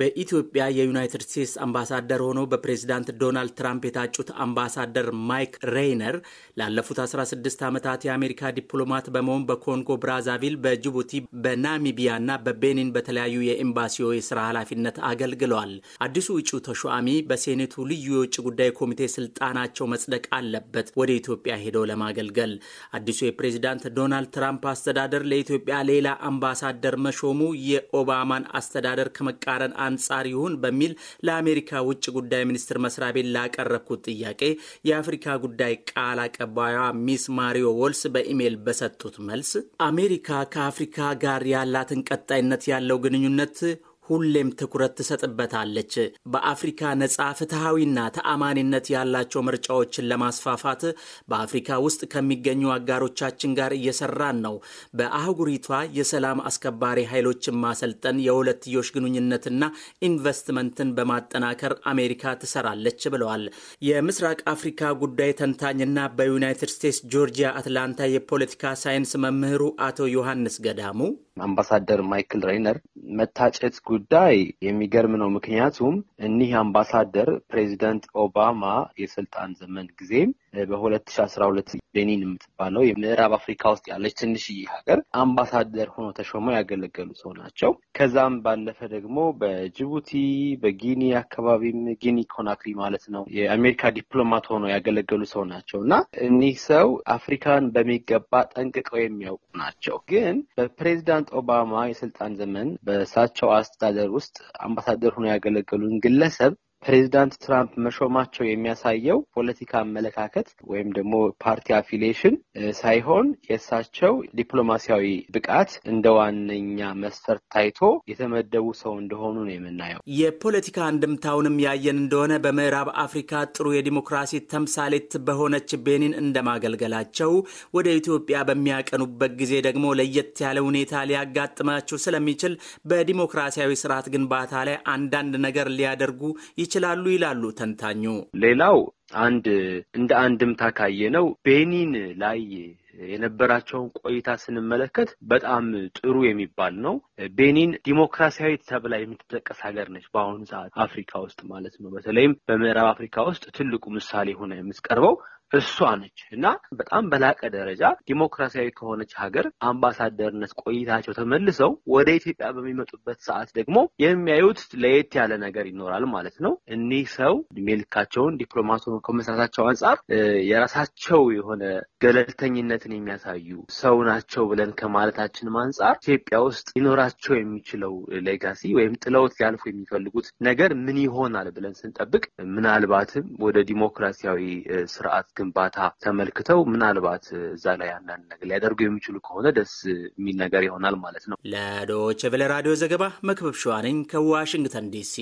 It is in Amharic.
በኢትዮጵያ የዩናይትድ ስቴትስ አምባሳደር ሆነው በፕሬዚዳንት ዶናልድ ትራምፕ የታጩት አምባሳደር ማይክ ሬይነር ላለፉት 16 ዓመታት የአሜሪካ ዲፕሎማት በመሆን በኮንጎ ብራዛቪል፣ በጅቡቲ፣ በናሚቢያ እና በቤኒን በተለያዩ የኤምባሲዎ የስራ ኃላፊነት አገልግለዋል። አዲሱ እጩ ተሿሚ በሴኔቱ ልዩ የውጭ ጉዳይ ኮሚቴ ስልጣናቸው መጽደቅ አለበት ወደ ኢትዮጵያ ሄደው ለማገልገል። አዲሱ የፕሬዚዳንት ዶናልድ ትራምፕ አስተዳደር ለኢትዮጵያ ሌላ አምባሳደር መሾሙ የኦባማን አስተዳደር ከመቃረን አንጻር ይሁን በሚል ለአሜሪካ ውጭ ጉዳይ ሚኒስትር መስሪያ ቤት ላቀረብኩት ጥያቄ የአፍሪካ ጉዳይ ቃል አቀባዩዋ ሚስ ማሪዮ ወልስ በኢሜይል በሰጡት መልስ አሜሪካ ከአፍሪካ ጋር ያላትን ቀጣይነት ያለው ግንኙነት ሁሌም ትኩረት ትሰጥበታለች። በአፍሪካ ነጻ ፍትሐዊና ተአማኒነት ያላቸው ምርጫዎችን ለማስፋፋት በአፍሪካ ውስጥ ከሚገኙ አጋሮቻችን ጋር እየሰራን ነው። በአህጉሪቷ የሰላም አስከባሪ ኃይሎችን ማሰልጠን፣ የሁለትዮሽ ግንኙነትና ኢንቨስትመንትን በማጠናከር አሜሪካ ትሰራለች ብለዋል። የምስራቅ አፍሪካ ጉዳይ ተንታኝና በዩናይትድ ስቴትስ ጆርጂያ አትላንታ የፖለቲካ ሳይንስ መምህሩ አቶ ዮሐንስ ገዳሙ አምባሳደር ማይክል ሬይነር መታጨት ጉዳይ የሚገርም ነው። ምክንያቱም እኒህ አምባሳደር ፕሬዚደንት ኦባማ የስልጣን ዘመን ጊዜም በሁለት ሺ አስራ ሁለት ቤኒን የምትባለው የምዕራብ አፍሪካ ውስጥ ያለች ትንሽዬ ሀገር አምባሳደር ሆኖ ተሾመው ያገለገሉ ሰው ናቸው። ከዛም ባለፈ ደግሞ በጅቡቲ በጊኒ አካባቢም ጊኒ ኮናክሪ ማለት ነው የአሜሪካ ዲፕሎማት ሆኖ ያገለገሉ ሰው ናቸው እና እኒህ ሰው አፍሪካን በሚገባ ጠንቅቀው የሚያውቁ ናቸው። ግን በፕሬዚዳንት ኦባማ የስልጣን ዘመን በእሳቸው አስተዳደር ውስጥ አምባሳደር ሆኖ ያገለገሉን இல்ல சார் ፕሬዚዳንት ትራምፕ መሾማቸው የሚያሳየው ፖለቲካ አመለካከት ወይም ደግሞ ፓርቲ አፊሌሽን ሳይሆን የእሳቸው ዲፕሎማሲያዊ ብቃት እንደ ዋነኛ መስፈርት ታይቶ የተመደቡ ሰው እንደሆኑ ነው የምናየው። የፖለቲካ አንድምታውንም ያየን እንደሆነ በምዕራብ አፍሪካ ጥሩ የዲሞክራሲ ተምሳሌት በሆነች ቤኒን እንደማገልገላቸው ወደ ኢትዮጵያ በሚያቀኑበት ጊዜ ደግሞ ለየት ያለ ሁኔታ ሊያጋጥማቸው ስለሚችል በዲሞክራሲያዊ ስርዓት ግንባታ ላይ አንዳንድ ነገር ሊያደርጉ ይችላሉ ይላሉ ተንታኙ። ሌላው አንድ እንደ አንድምታ ካየ ነው ቤኒን ላይ የነበራቸውን ቆይታ ስንመለከት በጣም ጥሩ የሚባል ነው። ቤኒን ዲሞክራሲያዊ ተብላ የምትጠቀስ ሀገር ነች፣ በአሁኑ ሰዓት አፍሪካ ውስጥ ማለት ነው። በተለይም በምዕራብ አፍሪካ ውስጥ ትልቁ ምሳሌ ሆነ የምትቀርበው እሷ ነች እና በጣም በላቀ ደረጃ ዲሞክራሲያዊ ከሆነች ሀገር አምባሳደርነት ቆይታቸው ተመልሰው ወደ ኢትዮጵያ በሚመጡበት ሰዓት ደግሞ የሚያዩት ለየት ያለ ነገር ይኖራል ማለት ነው። እኒህ ሰው ሜልካቸውን ዲፕሎማቱ ዲፕሎማት ከመስራታቸው አንጻር የራሳቸው የሆነ ገለልተኝነትን የሚያሳዩ ሰው ናቸው ብለን ከማለታችንም አንጻር ኢትዮጵያ ውስጥ ሊኖራቸው የሚችለው ሌጋሲ ወይም ጥለውት ሊያልፉ የሚፈልጉት ነገር ምን ይሆናል ብለን ስንጠብቅ ምናልባትም ወደ ዲሞክራሲያዊ ስርዓት ግንባታ ተመልክተው ምናልባት እዛ ላይ አንዳንድ ነገር ሊያደርጉ የሚችሉ ከሆነ ደስ የሚል ነገር ይሆናል ማለት ነው። ለዶይቼ ቬለ ራዲዮ ዘገባ መክበብ ሸዋነኝ ከዋሽንግተን ዲሲ